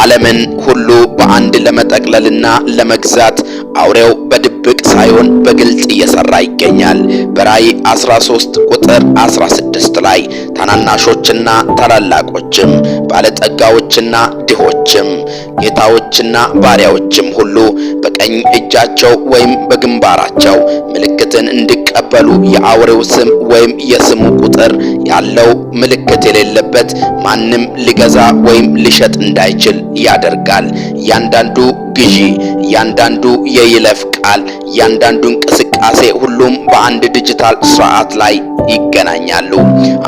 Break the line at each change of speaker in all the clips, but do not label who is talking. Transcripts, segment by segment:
ዓለምን ሁሉ በአንድ ለመጠቅለልና ለመግዛት አውሬው በድብቅ ሳይሆን በግልጽ እየሰራ ይገኛል። በራእይ 13 ቁጥር 16 ላይ ታናናሾችና ታላላቆችም ባለጠጋዎችና ድሆችም ጌታዎችና ባሪያዎችም ሁሉ በቀኝ እጃቸው ወይም በግንባራቸው ምልክትን እንዲቀበሉ የአውሬው ስም ወይም የስሙ ቁጥር ያለው ምልክት የሌለበት ማንም ሊገዛ ወይም ሊሸጥ እንዳይችል ያደርጋል። ያንዳንዱ ግዢ፣ ያንዳንዱ የይለፍ ቃል፣ ያንዳንዱ እንቅስቃሴ ሁሉም በአንድ ዲጂታል ስርዓት ላይ ይገናኛሉ።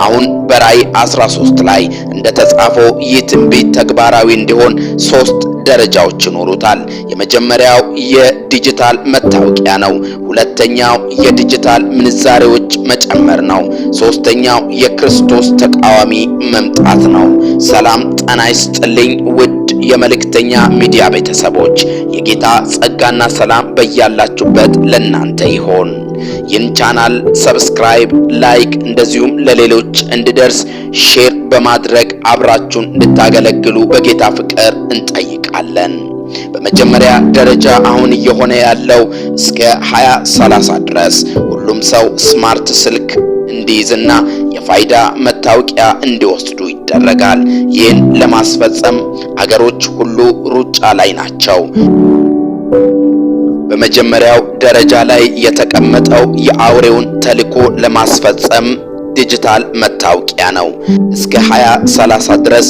አሁን በራእይ 13 ላይ እንደተጻፈው ይህ ትንቢት ተግባራዊ እንዲሆን ሶስት ደረጃዎች ይኖሩታል። የመጀመሪያው የዲጂታል መታወቂያ ነው። ሁለተኛው የዲጂታል ምንዛሬዎች መጨመር ነው። ሶስተኛው የክርስቶስ ተቃዋሚ መምጣት ነው። ሰላም ጤና ይስጥልኝ ውድ የመልእክተኛ ሚዲያ ቤተሰቦች የጌታ ጸጋና ሰላም በያላችሁበት ለእናንተ ይሆን። ይህን ቻናል ሰብስክራይብ፣ ላይክ እንደዚሁም ለሌሎች እንዲደርስ ሼር በማድረግ አብራችሁን እንድታገለግሉ በጌታ ፍቅር እንጠይቃለን። በመጀመሪያ ደረጃ አሁን እየሆነ ያለው እስከ 2030 ድረስ ሁሉም ሰው ስማርት ስልክ እንዲይዝና የፋይዳ መታወቂያ እንዲወስዱ ይደረጋል። ይህን ለማስፈጸም አገሮች ሁሉ ሩጫ ላይ ናቸው። በመጀመሪያው ደረጃ ላይ የተቀመጠው የአውሬውን ተልዕኮ ለማስፈጸም ዲጂታል መታወቂያ ነው። እስከ 2030 ድረስ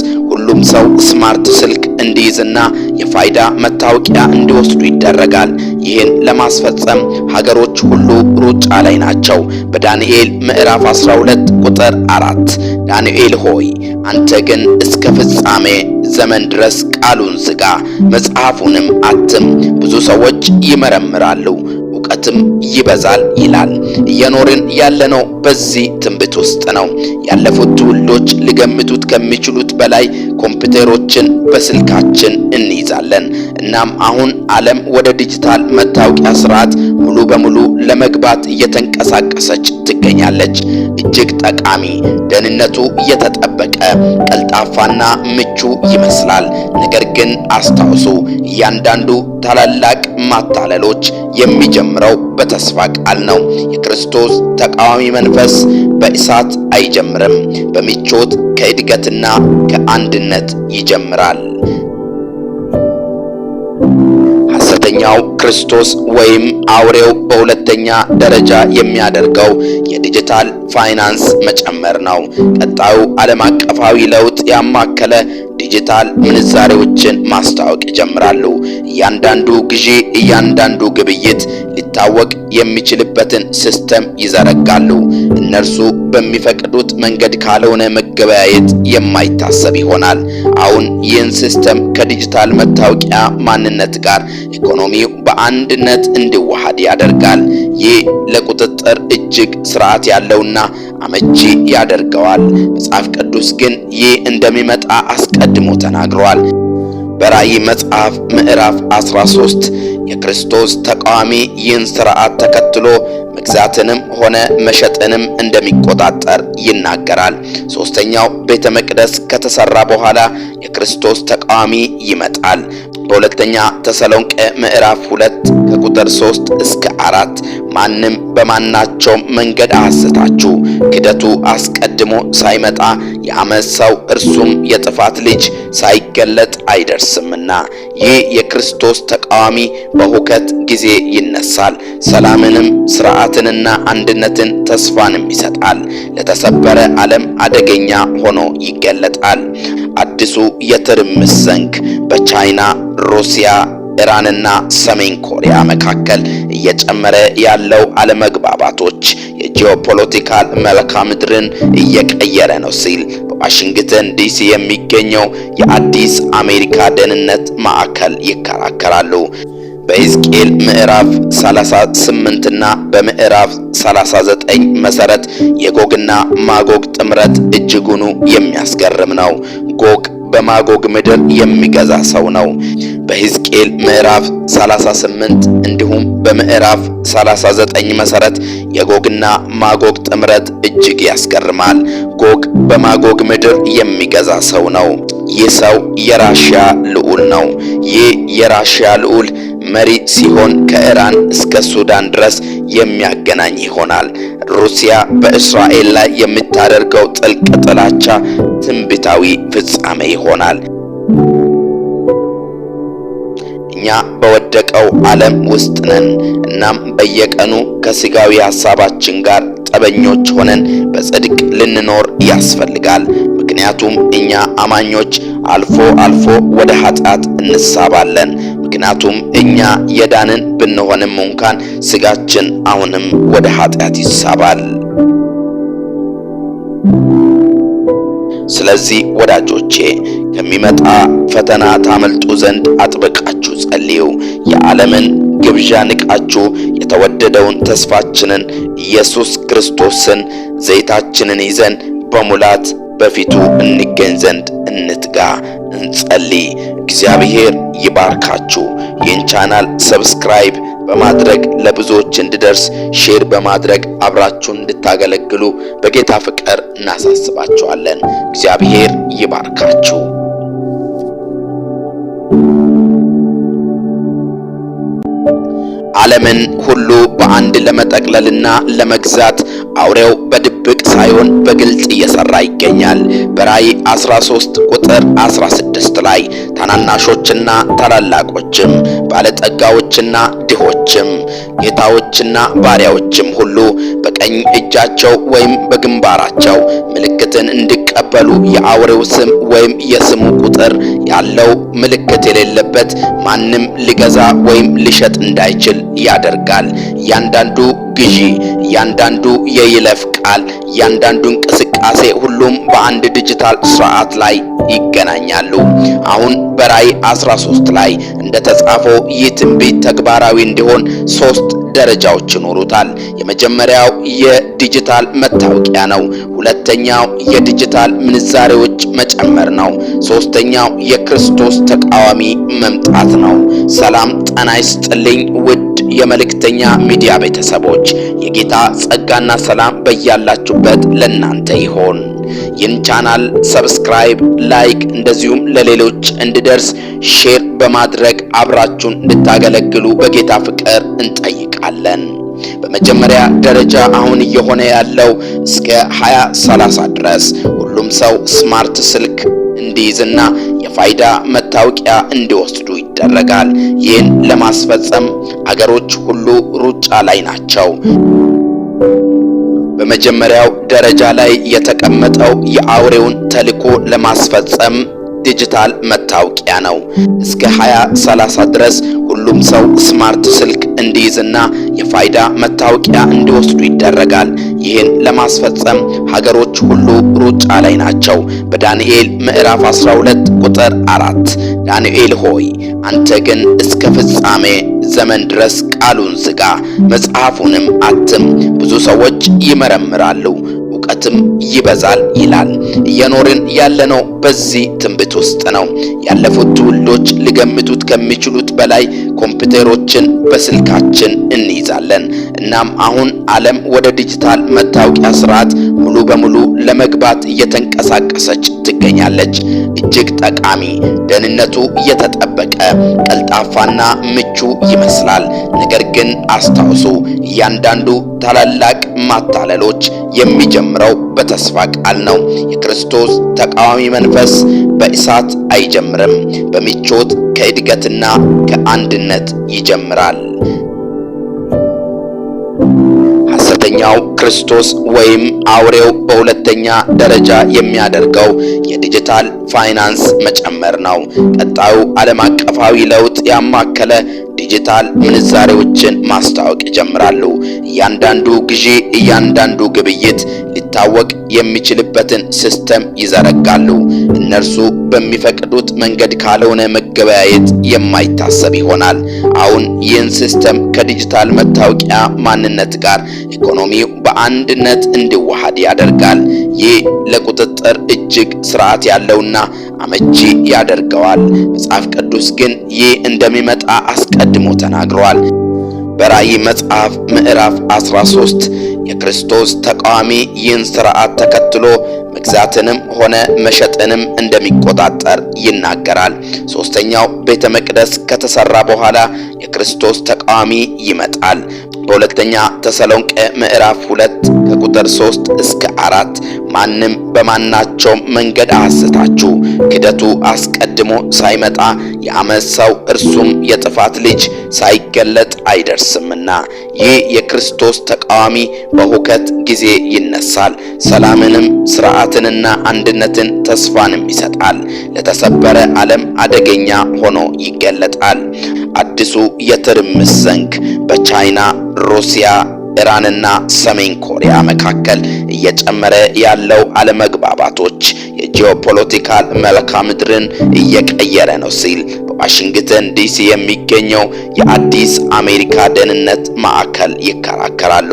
ሁሉም ሰው ስማርት ስልክ እንዲይዝና የፋይዳ መታወቂያ እንዲወስዱ ይደረጋል። ይህን ለማስፈጸም ሀገሮች ሁሉ ሩጫ ላይ ናቸው። በዳንኤል ምዕራፍ 12 ቁጥር 4 ዳንኤል ሆይ አንተ ግን እስከ ፍጻሜ ዘመን ድረስ ቃሉን ዝጋ፣ መጽሐፉንም አትም። ብዙ ሰዎች ይመረምራሉ እውቀትም ይበዛል ይላል። እየኖርን ያለነው በዚህ ትንቢት ውስጥ ነው። ያለፉት ትውልዶች ሊገምቱት ከሚችሉት በላይ ኮምፒውተሮችን በስልካችን እንይዛለን። እናም አሁን ዓለም ወደ ዲጂታል መታወቂያ ስርዓት ሙሉ በሙሉ ለመግባት እየተንቀሳቀሰች ትገኛለች። እጅግ ጠቃሚ፣ ደህንነቱ የተጠበቀ ቀልጣፋና ምቹ ይመስላል። ነገር ግን አስታውሱ፣ እያንዳንዱ ታላላቅ ማታለሎች የሚጀምረው በተስፋ ቃል ነው። የክርስቶስ ተቃዋሚ መንፈስ በእሳት አይጀምርም፣ በምቾት ከእድገትና ከአንድነት ይጀምራል። ሐሰተኛው ክርስቶስ ወይም አውሬው በሁለተኛ ደረጃ የሚያደርገው የዲጂታል ፋይናንስ መጨመር ነው። ቀጣዩ ዓለም አቀፋዊ ለውጥ ያማከለ ዲጂታል ምንዛሬዎችን ማስታወቅ ይጀምራሉ። እያንዳንዱ ግዢ፣ እያንዳንዱ ግብይት ሊታወቅ የሚችልበትን ሲስተም ይዘረጋሉ። እነርሱ በሚፈቅዱት መንገድ ካልሆነ መገበያየት የማይታሰብ ይሆናል። አሁን ይህን ሲስተም ከዲጂታል መታወቂያ ማንነት ጋር ኢኮኖሚው በአንድነት እንዲዋሃድ ያደርጋል። ይህ ለቁጥጥር እጅግ ስርዓት ያለውና አመቺ ያደርገዋል። መጽሐፍ ቅዱስ ግን ይህ እንደሚመጣ አስቀድሞ ተናግሯል። በራእይ መጽሐፍ ምዕራፍ 13 የክርስቶስ ተቃዋሚ ይህን ስርዓት ተከትሎ መግዛትንም ሆነ መሸጥንም እንደሚቆጣጠር ይናገራል። ሶስተኛው ቤተ መቅደስ ከተሰራ በኋላ የክርስቶስ ተቃዋሚ ይመጣል። በሁለተኛ ተሰሎንቄ ምዕራፍ ሁለት ከቁጥር ሶስት እስከ አራት ማንም በማናቸው መንገድ አሐሰታችሁ፣ ክደቱ አስቀድሞ ሳይመጣ የአመፅ ሰው እርሱም የጥፋት ልጅ ሳይገለጥ አይደርስምና። ይህ የክርስቶስ ተቃዋሚ በሁከት ጊዜ ይነሳል፣ ሰላምንም ስርዓትንና አንድነትን ተስፋንም ይሰጣል። ለተሰበረ ዓለም አደገኛ ሆኖ ይገለጣል። አዲሱ የትርምስ ዘንግ በቻይና ሩሲያ ኢራንና ሰሜን ኮሪያ መካከል እየጨመረ ያለው አለመግባባቶች የጂኦፖለቲካል መልክዓ ምድርን እየቀየረ ነው ሲል በዋሽንግተን ዲሲ የሚገኘው የአዲስ አሜሪካ ደህንነት ማዕከል ይከራከራሉ። በሕዝቅኤል ምዕራፍ 38 እና በምዕራፍ 39 መሰረት የጎግና ማጎግ ጥምረት እጅጉኑ የሚያስገርም ነው። ጎግ በማጎግ ምድር የሚገዛ ሰው ነው። በሕዝቅኤል ምዕራፍ 38 እንዲሁም በምዕራፍ 39 መሰረት የጎግና ማጎግ ጥምረት እጅግ ያስገርማል። ጎግ በማጎግ ምድር የሚገዛ ሰው ነው። ይህ ሰው የራሽያ ልዑል ነው። ይህ የራሽያ ልዑል መሪ ሲሆን ከኢራን እስከ ሱዳን ድረስ የሚያገናኝ ይሆናል። ሩሲያ በእስራኤል ላይ የምታደርገው ጥልቅ ጥላቻ ትንቢታዊ ፍጻሜ ይሆናል። እኛ በወደቀው ዓለም ውስጥ ነን። እናም በየቀኑ ከስጋዊ ሐሳባችን ጋር ጠበኞች ሆነን በጽድቅ ልንኖር ያስፈልጋል። ምክንያቱም እኛ አማኞች አልፎ አልፎ ወደ ኃጢአት እንሳባለን። ምክንያቱም እኛ የዳንን ብንሆንም እንኳን ስጋችን አሁንም ወደ ኃጢአት ይሳባል። ስለዚህ ወዳጆቼ ከሚመጣ ፈተና ታመልጡ ዘንድ አጥብቃችሁ ጸልዩ። የዓለምን ግብዣ ንቃችሁ የተወደደውን ተስፋችንን ኢየሱስ ክርስቶስን ዘይታችንን ይዘን በሙላት በፊቱ እንገኝ ዘንድ እንትጋ፣ እንጸልይ። እግዚአብሔር ይባርካችሁ። ይህን ቻናል ሰብስክራይብ በማድረግ ለብዙዎች እንድደርስ ሼር በማድረግ አብራችሁን እንድታገለግሉ በጌታ ፍቅር እናሳስባችኋለን። እግዚአብሔር ይባርካችሁ። ዓለምን ሁሉ በአንድ ለመጠቅለልና ለመግዛት አውሬው በድ በድብቅ ሳይሆን በግልጽ እየሰራ ይገኛል። በራእይ 13 ቁጥር 16 ላይ ታናናሾችና ታላላቆችም ባለጠጋዎችና ድሆችም ጌታዎችና ባሪያዎችም ሁሉ በቀኝ እጃቸው ወይም በግንባራቸው ምልክትን እንዲቀበሉ የአውሬው ስም ወይም የስሙ ቁጥር ያለው ምልክት የሌለበት ማንም ሊገዛ ወይም ሊሸጥ እንዳይችል ያደርጋል። እያንዳንዱ ግዢ፣ እያንዳንዱ የይለፍ ቃል፣ እያንዳንዱ እንቅስቃሴ ሁሉም በአንድ ዲጂታል ስርዓት ላይ ይገናኛሉ። አሁን በራእይ 13 ላይ እንደተጻፈው ይህ ትንቢት ተግባራዊ እንዲሆን ሶስት ደረጃዎች ይኖሩታል። የመጀመሪያው የዲጂታል መታወቂያ ነው። ሁለተኛው የዲጂታል ምንዛሬዎች መጨመር ነው። ሶስተኛው የክርስቶስ ተቃዋሚ መምጣት ነው። ሰላም ጤና ይስጥልኝ ውድ የመልእክተኛ ሚዲያ ቤተሰቦች የጌታ ጸጋና ሰላም በያላችሁበት ለእናንተ ይሆን። ይህን ቻናል ሰብስክራይብ፣ ላይክ እንደዚሁም ለሌሎች እንዲደርስ ሼር በማድረግ አብራችሁን እንድታገለግሉ በጌታ ፍቅር እንጠይቃለን። በመጀመሪያ ደረጃ አሁን እየሆነ ያለው እስከ 2030 ድረስ ሁሉም ሰው ስማርት ስልክ እንዲይዝና የፋይዳ መታወቂያ እንዲወስዱ ይደረጋል። ይህን ለማስፈጸም አገሮች ሁሉ ሩጫ ላይ ናቸው። በመጀመሪያው ደረጃ ላይ የተቀመጠው የአውሬውን ተልዕኮ ለማስፈጸም ዲጂታል መታወቂያ ነው። እስከ 2030 ድረስ ሁሉም ሰው ስማርት ስልክ እንዲይዝና የፋይዳ መታወቂያ እንዲወስዱ ይደረጋል። ይህን ለማስፈጸም ሀገሮች ሁሉ ሩጫ ላይ ናቸው። በዳንኤል ምዕራፍ 12 ቁጥር 4 ዳንኤል ሆይ አንተ ግን እስከ ፍጻሜ ዘመን ድረስ ቃሉን ዝጋ፣ መጽሐፉንም አትም። ብዙ ሰዎች ይመረምራሉ እውቀትም ይበዛል ይላል። እየኖርን ያለነው በዚህ ትንቢት ውስጥ ነው። ያለፉት ትውልዶች ሊገምቱት ከሚችሉት በላይ ኮምፒውተሮችን በስልካችን እንይዛለን። እናም አሁን ዓለም ወደ ዲጂታል መታወቂያ ስርዓት ሙሉ በሙሉ ለመግባት እየተንቀሳቀሰች ትገኛለች። እጅግ ጠቃሚ፣ ደህንነቱ የተጠበቀ ቀልጣፋና ምቹ ይመስላል። ነገር ግን አስታውሱ፣ እያንዳንዱ ታላላቅ ማታለሎች የሚጀምረው በተስፋ ቃል ነው። የክርስቶስ ተቃዋሚ መንፈስ በእሳት አይጀምርም፣ በምቾት ከእድገትና ከአንድነት ይጀምራል። ዋነኛው ክርስቶስ ወይም አውሬው በሁለተኛ ደረጃ የሚያደርገው የዲጂታል ፋይናንስ መጨመር ነው። ቀጣዩ ዓለም አቀፋዊ ለውጥ ያማከለ ዲጂታል ምንዛሬዎችን ማስታወቅ ይጀምራሉ። እያንዳንዱ ግዢ፣ እያንዳንዱ ግብይት ሊታወቅ የሚችልበትን ሲስተም ይዘረጋሉ። እነርሱ በሚፈቅዱት መንገድ ካልሆነ መገበያየት የማይታሰብ ይሆናል። አሁን ይህን ሲስተም ከዲጂታል መታወቂያ ማንነት ጋር ኢኮኖሚው በአንድነት እንዲዋሃድ ያደርጋል። ይህ ለቁጥጥር እጅግ ስርዓት ያለውና አመቺ ያደርገዋል። መጽሐፍ ቅዱስ ግን ይህ እንደሚመጣ አስቀድሞ ተናግሯል። በራእይ መጽሐፍ ምዕራፍ 13 የክርስቶስ ተቃዋሚ ይህን ሥርዓት ተከትሎ መግዛትንም ሆነ መሸጥንም እንደሚቆጣጠር ይናገራል። ሦስተኛው ቤተ መቅደስ ከተሠራ በኋላ የክርስቶስ ተቃዋሚ ይመጣል። በሁለተኛ ተሰሎንቄ ምዕራፍ ሁለት ከቁጥር ሶስት እስከ አራት ማንም በማናቸውም መንገድ አሐሰታችሁ፣ ክደቱ አስቀድሞ ሳይመጣ የአመፅ ሰው እርሱም የጥፋት ልጅ ሳይገለጥ አይደርስምና። ይህ የክርስቶስ ተቃዋሚ በሁከት ጊዜ ይነሳል፣ ሰላምንም ስርዓትንና አንድነትን ተስፋንም ይሰጣል። ለተሰበረ ዓለም አደገኛ ሆኖ ይገለጣል። አዲሱ የትርምስ ዘንግ በቻይና ሩሲያ ኢራንና ሰሜን ኮሪያ መካከል እየጨመረ ያለው አለመግባባቶች የጂኦፖለቲካል መልክዓ ምድርን እየቀየረ ነው ሲል በዋሽንግተን ዲሲ የሚገኘው የአዲስ አሜሪካ ደህንነት ማዕከል ይከራከራሉ።